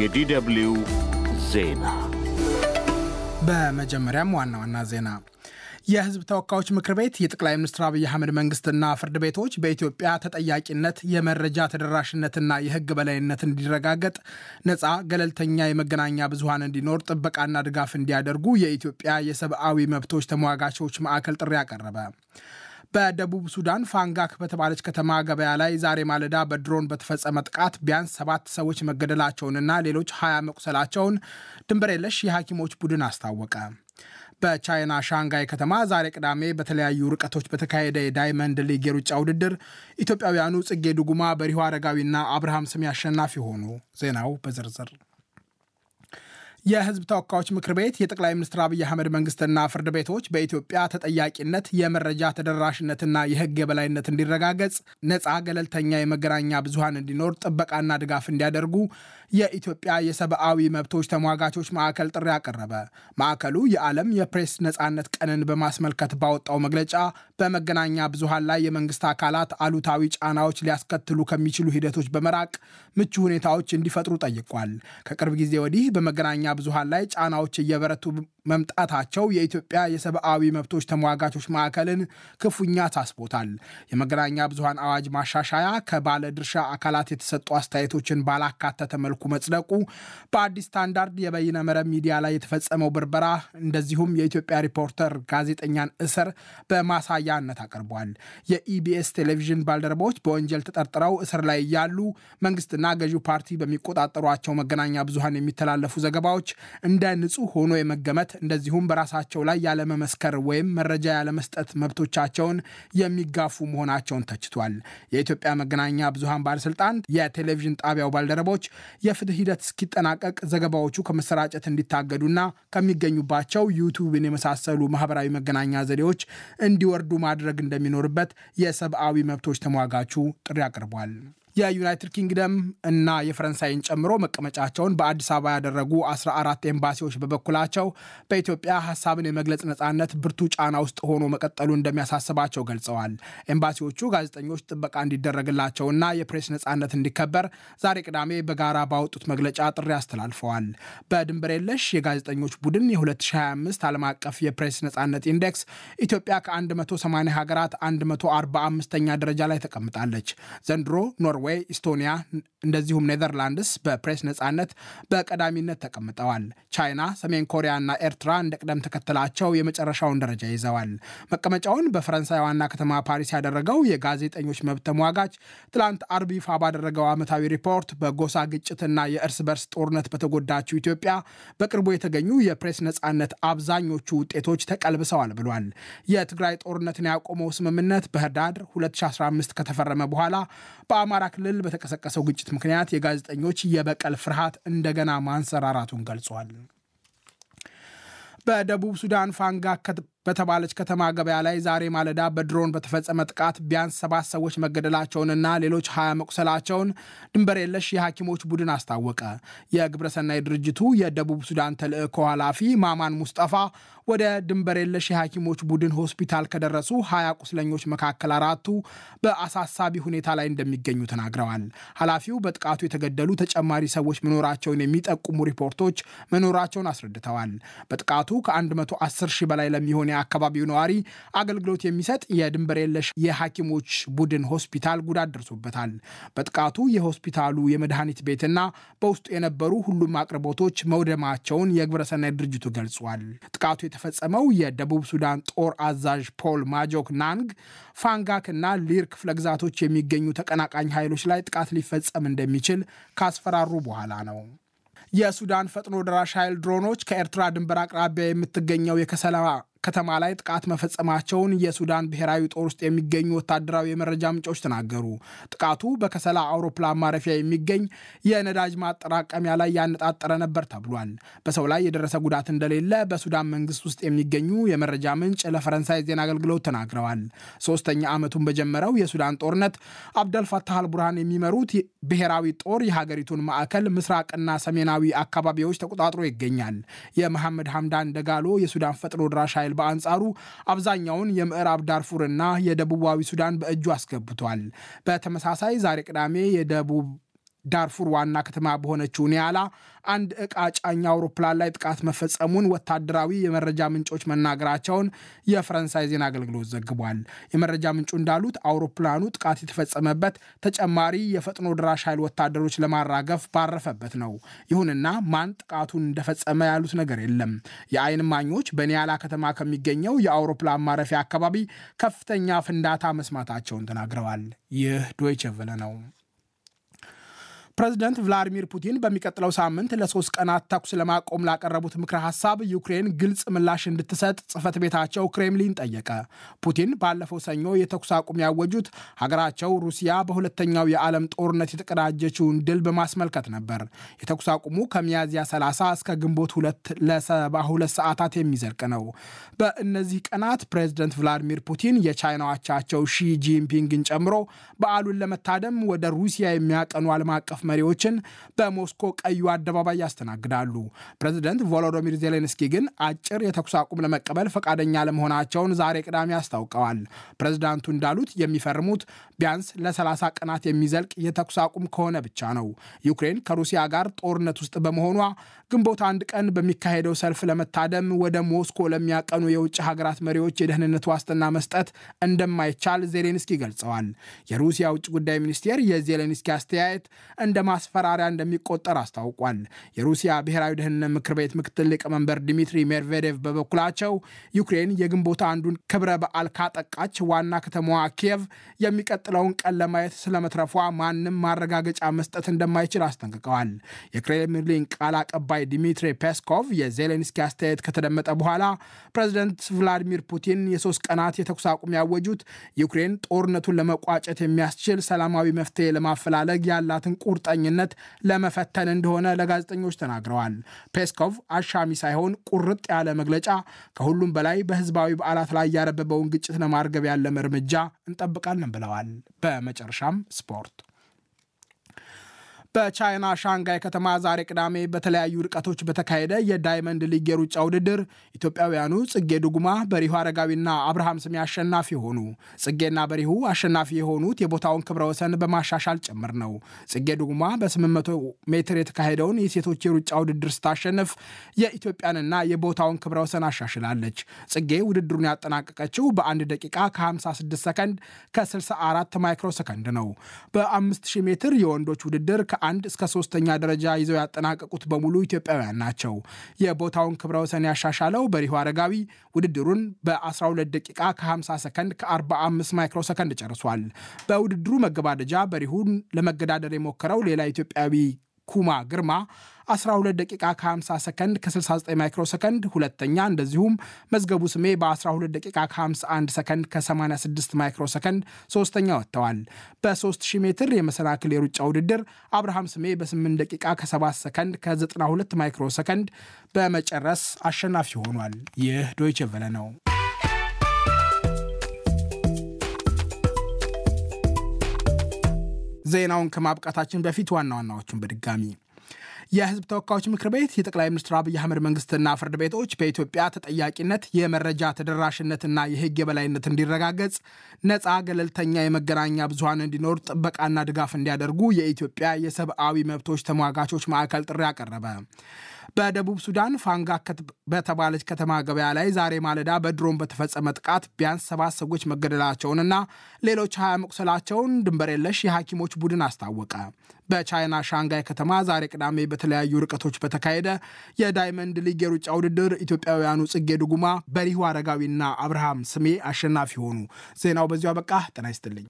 የዲደብልዩ ዜና በመጀመሪያም ዋና ዋና ዜና የህዝብ ተወካዮች ምክር ቤት የጠቅላይ ሚኒስትር አብይ አህመድ መንግስትና ፍርድ ቤቶች በኢትዮጵያ ተጠያቂነት፣ የመረጃ ተደራሽነትና የህግ በላይነት እንዲረጋገጥ ነፃ ገለልተኛ የመገናኛ ብዙሀን እንዲኖር ጥበቃና ድጋፍ እንዲያደርጉ የኢትዮጵያ የሰብአዊ መብቶች ተሟጋቾች ማዕከል ጥሪ አቀረበ። በደቡብ ሱዳን ፋንጋክ በተባለች ከተማ ገበያ ላይ ዛሬ ማለዳ በድሮን በተፈጸመ ጥቃት ቢያንስ ሰባት ሰዎች መገደላቸውንና ሌሎች ሀያ መቁሰላቸውን ድንበር የለሽ የሐኪሞች ቡድን አስታወቀ። በቻይና ሻንጋይ ከተማ ዛሬ ቅዳሜ በተለያዩ ርቀቶች በተካሄደ የዳይመንድ ሊግ የሩጫ ውድድር ኢትዮጵያውያኑ ጽጌ ዱጉማ፣ በሪሁ አረጋዊና አብርሃም ስሜ አሸናፊ ሆኑ። ዜናው በዝርዝር የህዝብ ተወካዮች ምክር ቤት የጠቅላይ ሚኒስትር አብይ አህመድ መንግስትና ፍርድ ቤቶች በኢትዮጵያ ተጠያቂነት፣ የመረጃ ተደራሽነትና የህግ የበላይነት እንዲረጋገጽ ነፃ ገለልተኛ የመገናኛ ብዙሀን እንዲኖር ጥበቃና ድጋፍ እንዲያደርጉ የኢትዮጵያ የሰብአዊ መብቶች ተሟጋቾች ማዕከል ጥሪ አቀረበ። ማዕከሉ የዓለም የፕሬስ ነፃነት ቀንን በማስመልከት ባወጣው መግለጫ በመገናኛ ብዙሀን ላይ የመንግስት አካላት አሉታዊ ጫናዎች ሊያስከትሉ ከሚችሉ ሂደቶች በመራቅ ምቹ ሁኔታዎች እንዲፈጥሩ ጠይቋል። ከቅርብ ጊዜ ወዲህ በመገናኛ ብዙሃን ላይ ጫናዎች እየበረቱ መምጣታቸው የኢትዮጵያ የሰብአዊ መብቶች ተሟጋቾች ማዕከልን ክፉኛ ታስቦታል። የመገናኛ ብዙሃን አዋጅ ማሻሻያ ከባለ ድርሻ አካላት የተሰጡ አስተያየቶችን ባላካተተ መልኩ መጽደቁ፣ በአዲስ ስታንዳርድ የበይነ መረብ ሚዲያ ላይ የተፈጸመው ብርበራ፣ እንደዚሁም የኢትዮጵያ ሪፖርተር ጋዜጠኛን እስር በማሳያነት አቅርቧል። የኢቢኤስ ቴሌቪዥን ባልደረቦች በወንጀል ተጠርጥረው እስር ላይ እያሉ መንግስትና ገዢው ፓርቲ በሚቆጣጠሯቸው መገናኛ ብዙሃን የሚተላለፉ ዘገባዎች ሰዎች እንደ ንጹህ ሆኖ የመገመት እንደዚሁም በራሳቸው ላይ ያለመመስከር ወይም መረጃ ያለመስጠት መብቶቻቸውን የሚጋፉ መሆናቸውን ተችቷል። የኢትዮጵያ መገናኛ ብዙሃን ባለስልጣን የቴሌቪዥን ጣቢያው ባልደረቦች የፍትህ ሂደት እስኪጠናቀቅ ዘገባዎቹ ከመሰራጨት እንዲታገዱና ከሚገኙባቸው ዩቱብን የመሳሰሉ ማህበራዊ መገናኛ ዘዴዎች እንዲወርዱ ማድረግ እንደሚኖርበት የሰብአዊ መብቶች ተሟጋቹ ጥሪ አቅርቧል። የዩናይትድ ኪንግደም እና የፈረንሳይን ጨምሮ መቀመጫቸውን በአዲስ አበባ ያደረጉ 14 ኤምባሲዎች በበኩላቸው በኢትዮጵያ ሀሳብን የመግለጽ ነጻነት ብርቱ ጫና ውስጥ ሆኖ መቀጠሉ እንደሚያሳስባቸው ገልጸዋል። ኤምባሲዎቹ ጋዜጠኞች ጥበቃ እንዲደረግላቸውና የፕሬስ ነጻነት እንዲከበር ዛሬ ቅዳሜ በጋራ ባወጡት መግለጫ ጥሪ አስተላልፈዋል። በድንበር የለሽ የጋዜጠኞች ቡድን የ2025 ዓለም አቀፍ የፕሬስ ነጻነት ኢንዴክስ ኢትዮጵያ ከ180 ሀገራት 145ኛ ደረጃ ላይ ተቀምጣለች። ዘንድሮ ኖርዌ ኖርዌይ፣ ኢስቶኒያ እንደዚሁም ኔዘርላንድስ በፕሬስ ነፃነት በቀዳሚነት ተቀምጠዋል። ቻይና፣ ሰሜን ኮሪያና ኤርትራ እንደ ቅደም ተከተላቸው የመጨረሻውን ደረጃ ይዘዋል። መቀመጫውን በፈረንሳይ ዋና ከተማ ፓሪስ ያደረገው የጋዜጠኞች መብት ተሟጋች ትላንት አርብ ይፋ ባደረገው ዓመታዊ ሪፖርት በጎሳ ግጭትና የእርስ በርስ ጦርነት በተጎዳችው ኢትዮጵያ በቅርቡ የተገኙ የፕሬስ ነፃነት አብዛኞቹ ውጤቶች ተቀልብሰዋል ብሏል። የትግራይ ጦርነትን ያቆመው ስምምነት በህዳር 2015 ከተፈረመ በኋላ በአማራ ክልል በተቀሰቀሰው ግጭት ምክንያት የጋዜጠኞች የበቀል ፍርሃት እንደገና ማንሰራራቱን ገልጿል። በደቡብ ሱዳን ፋንጋ በተባለች ከተማ ገበያ ላይ ዛሬ ማለዳ በድሮን በተፈጸመ ጥቃት ቢያንስ ሰባት ሰዎች መገደላቸውንና ሌሎች ሀያ መቁሰላቸውን ድንበር የለሽ የሐኪሞች ቡድን አስታወቀ። የግብረሰናይ ድርጅቱ የደቡብ ሱዳን ተልዕኮ ኃላፊ ማማን ሙስጠፋ ወደ ድንበር የለሽ የሐኪሞች ቡድን ሆስፒታል ከደረሱ ሀያ ቁስለኞች መካከል አራቱ በአሳሳቢ ሁኔታ ላይ እንደሚገኙ ተናግረዋል። ኃላፊው በጥቃቱ የተገደሉ ተጨማሪ ሰዎች መኖራቸውን የሚጠቁሙ ሪፖርቶች መኖራቸውን አስረድተዋል። በጥቃቱ ከ110 ሺህ በላይ ለሚሆን የአካባቢው ነዋሪ አገልግሎት የሚሰጥ የድንበር የለሽ የሐኪሞች ቡድን ሆስፒታል ጉዳት ደርሶበታል። በጥቃቱ የሆስፒታሉ የመድኃኒት ቤትና በውስጡ የነበሩ ሁሉም አቅርቦቶች መውደማቸውን የግብረሰናይ ድርጅቱ ገልጿል። ጥቃቱ የተፈጸመው የደቡብ ሱዳን ጦር አዛዥ ፖል ማጆክ ናንግ ፋንጋክ እና ሊር ክፍለ ግዛቶች የሚገኙ ተቀናቃኝ ኃይሎች ላይ ጥቃት ሊፈጸም እንደሚችል ካስፈራሩ በኋላ ነው። የሱዳን ፈጥኖ ደራሽ ኃይል ድሮኖች ከኤርትራ ድንበር አቅራቢያ የምትገኘው የከሰላ ከተማ ላይ ጥቃት መፈጸማቸውን የሱዳን ብሔራዊ ጦር ውስጥ የሚገኙ ወታደራዊ የመረጃ ምንጮች ተናገሩ። ጥቃቱ በከሰላ አውሮፕላን ማረፊያ የሚገኝ የነዳጅ ማጠራቀሚያ ላይ ያነጣጠረ ነበር ተብሏል። በሰው ላይ የደረሰ ጉዳት እንደሌለ በሱዳን መንግስት ውስጥ የሚገኙ የመረጃ ምንጭ ለፈረንሳይ ዜና አገልግሎት ተናግረዋል። ሶስተኛ ዓመቱን በጀመረው የሱዳን ጦርነት አብደልፋታህ አልቡርሃን የሚመሩት ብሔራዊ ጦር የሀገሪቱን ማዕከል ምስራቅና ሰሜናዊ አካባቢዎች ተቆጣጥሮ ይገኛል። የመሐመድ ሐምዳን ደጋሎ የሱዳን ፈጥኖ ድራሽ ኃይል በአንጻሩ አብዛኛውን የምዕራብ ዳርፉርና የደቡባዊ ሱዳን በእጁ አስገብቷል። በተመሳሳይ ዛሬ ቅዳሜ የደቡብ ዳርፉር ዋና ከተማ በሆነችው ኒያላ አንድ ዕቃ ጫኝ አውሮፕላን ላይ ጥቃት መፈጸሙን ወታደራዊ የመረጃ ምንጮች መናገራቸውን የፈረንሳይ ዜና አገልግሎት ዘግቧል። የመረጃ ምንጩ እንዳሉት አውሮፕላኑ ጥቃት የተፈጸመበት ተጨማሪ የፈጥኖ ድራሽ ኃይል ወታደሮች ለማራገፍ ባረፈበት ነው። ይሁንና ማን ጥቃቱን እንደፈጸመ ያሉት ነገር የለም። የአይን ማኞች በኒያላ ከተማ ከሚገኘው የአውሮፕላን ማረፊያ አካባቢ ከፍተኛ ፍንዳታ መስማታቸውን ተናግረዋል። ይህ ዶይቸ ነው። ፕሬዚደንት ቭላዲሚር ፑቲን በሚቀጥለው ሳምንት ለሶስት ቀናት ተኩስ ለማቆም ላቀረቡት ምክረ ሀሳብ ዩክሬን ግልጽ ምላሽ እንድትሰጥ ጽህፈት ቤታቸው ክሬምሊን ጠየቀ። ፑቲን ባለፈው ሰኞ የተኩስ አቁም ያወጁት ሀገራቸው ሩሲያ በሁለተኛው የዓለም ጦርነት የተቀዳጀችውን ድል በማስመልከት ነበር። የተኩስ አቁሙ ከሚያዝያ 30 እስከ ግንቦት ሁለት ለ72 ሰዓታት የሚዘልቅ ነው። በእነዚህ ቀናት ፕሬዚደንት ቭላዲሚር ፑቲን የቻይና አቻቸው ሺ ጂንፒንግን ጨምሮ በዓሉን ለመታደም ወደ ሩሲያ የሚያቀኑ ዓለም አቀፍ መሪዎችን በሞስኮ ቀዩ አደባባይ ያስተናግዳሉ። ፕሬዚደንት ቮሎዶሚር ዜሌንስኪ ግን አጭር የተኩስ አቁም ለመቀበል ፈቃደኛ ለመሆናቸውን ዛሬ ቅዳሜ አስታውቀዋል። ፕሬዚዳንቱ እንዳሉት የሚፈርሙት ቢያንስ ለ30 ቀናት የሚዘልቅ የተኩስ አቁም ከሆነ ብቻ ነው። ዩክሬን ከሩሲያ ጋር ጦርነት ውስጥ በመሆኗ ግንቦት አንድ ቀን በሚካሄደው ሰልፍ ለመታደም ወደ ሞስኮ ለሚያቀኑ የውጭ ሀገራት መሪዎች የደህንነት ዋስትና መስጠት እንደማይቻል ዜሌንስኪ ገልጸዋል። የሩሲያ ውጭ ጉዳይ ሚኒስቴር የዜሌንስኪ አስተያየት እንደ እንደ ማስፈራሪያ እንደሚቆጠር አስታውቋል። የሩሲያ ብሔራዊ ደህንነት ምክር ቤት ምክትል ሊቀመንበር ዲሚትሪ ሜድቬዴቭ በበኩላቸው ዩክሬን የግንቦት አንዱን ክብረ በዓል ካጠቃች ዋና ከተማዋ ኪየቭ የሚቀጥለውን ቀን ለማየት ስለመትረፏ ማንም ማረጋገጫ መስጠት እንደማይችል አስጠንቅቀዋል። የክሬምሊን ቃል አቀባይ ዲሚትሪ ፔስኮቭ የዜሌንስኪ አስተያየት ከተደመጠ በኋላ ፕሬዚደንት ቭላዲሚር ፑቲን የሶስት ቀናት የተኩስ አቁም ያወጁት ዩክሬን ጦርነቱን ለመቋጨት የሚያስችል ሰላማዊ መፍትሄ ለማፈላለግ ያላትን ቁርጥ በቁርጠኝነት ለመፈተን እንደሆነ ለጋዜጠኞች ተናግረዋል። ፔስኮቭ አሻሚ ሳይሆን ቁርጥ ያለ መግለጫ፣ ከሁሉም በላይ በህዝባዊ በዓላት ላይ ያረበበውን ግጭት ለማርገብ ያለም እርምጃ እንጠብቃለን ብለዋል። በመጨረሻም ስፖርት በቻይና ሻንጋይ ከተማ ዛሬ ቅዳሜ በተለያዩ ርቀቶች በተካሄደ የዳይመንድ ሊግ የሩጫ ውድድር ኢትዮጵያውያኑ ጽጌ ዱጉማ፣ በሪሁ አረጋዊና አብርሃም ስሜ አሸናፊ ሆኑ። ጽጌና በሪሁ አሸናፊ የሆኑት የቦታውን ክብረ ወሰን በማሻሻል ጭምር ነው። ጽጌ ዱጉማ በ800 ሜትር የተካሄደውን የሴቶች የሩጫ ውድድር ስታሸንፍ የኢትዮጵያንና የቦታውን ክብረ ወሰን አሻሽላለች። ጽጌ ውድድሩን ያጠናቀቀችው በአንድ ደቂቃ ከ56 ሰከንድ ከ64 ማይክሮ ሰከንድ ነው። በ5000 ሜትር የወንዶች ውድድር ከ ከአንድ እስከ ሶስተኛ ደረጃ ይዘው ያጠናቀቁት በሙሉ ኢትዮጵያውያን ናቸው። የቦታውን ክብረ ወሰን ያሻሻለው በሪሁ አረጋዊ ውድድሩን በ12 ደቂቃ ከ50 ሰከንድ ከ45 ማይክሮ ሰከንድ ጨርሷል። በውድድሩ መገባደጃ በሪሁን ለመገዳደር የሞከረው ሌላ ኢትዮጵያዊ ኩማ ግርማ 12 ደቂቃ ከ50 ሰከንድ ከ69 ማይክሮ ሰከንድ ሁለተኛ፣ እንደዚሁም መዝገቡ ስሜ በ12 ደቂቃ ከ51 ሰከንድ ከ86 ማይክሮ ሰከንድ ሶስተኛ ወጥተዋል። በ3000 ሜትር የመሰናክል የሩጫ ውድድር አብርሃም ስሜ በ8 ደቂቃ ከ7 ሰከንድ ከ92 ማይክሮ ሰከንድ በመጨረስ አሸናፊ ሆኗል። ይህ ዶይቼ ቬለ ነው። ዜናውን ከማብቃታችን በፊት ዋና ዋናዎቹን በድጋሚ የህዝብ ተወካዮች ምክር ቤት የጠቅላይ ሚኒስትር አብይ አህመድ መንግስትና ፍርድ ቤቶች በኢትዮጵያ ተጠያቂነት፣ የመረጃ ተደራሽነትና የህግ የበላይነት እንዲረጋገጽ ነፃ ገለልተኛ የመገናኛ ብዙሀን እንዲኖር ጥበቃና ድጋፍ እንዲያደርጉ የኢትዮጵያ የሰብአዊ መብቶች ተሟጋቾች ማዕከል ጥሪ አቀረበ። በደቡብ ሱዳን ፋንጋ በተባለች ከተማ ገበያ ላይ ዛሬ ማለዳ በድሮን በተፈጸመ ጥቃት ቢያንስ ሰባት ሰዎች መገደላቸውንና ሌሎች ሀያ መቁሰላቸውን ድንበር የለሽ የሐኪሞች ቡድን አስታወቀ። በቻይና ሻንጋይ ከተማ ዛሬ ቅዳሜ በተለያዩ ርቀቶች በተካሄደ የዳይመንድ ሊግ የሩጫ ውድድር ኢትዮጵያውያኑ ጽጌ ድጉማ፣ በሪሁ አረጋዊና አብርሃም ስሜ አሸናፊ ሆኑ። ዜናው በዚሁ አበቃ። ጤና ይስጥልኝ።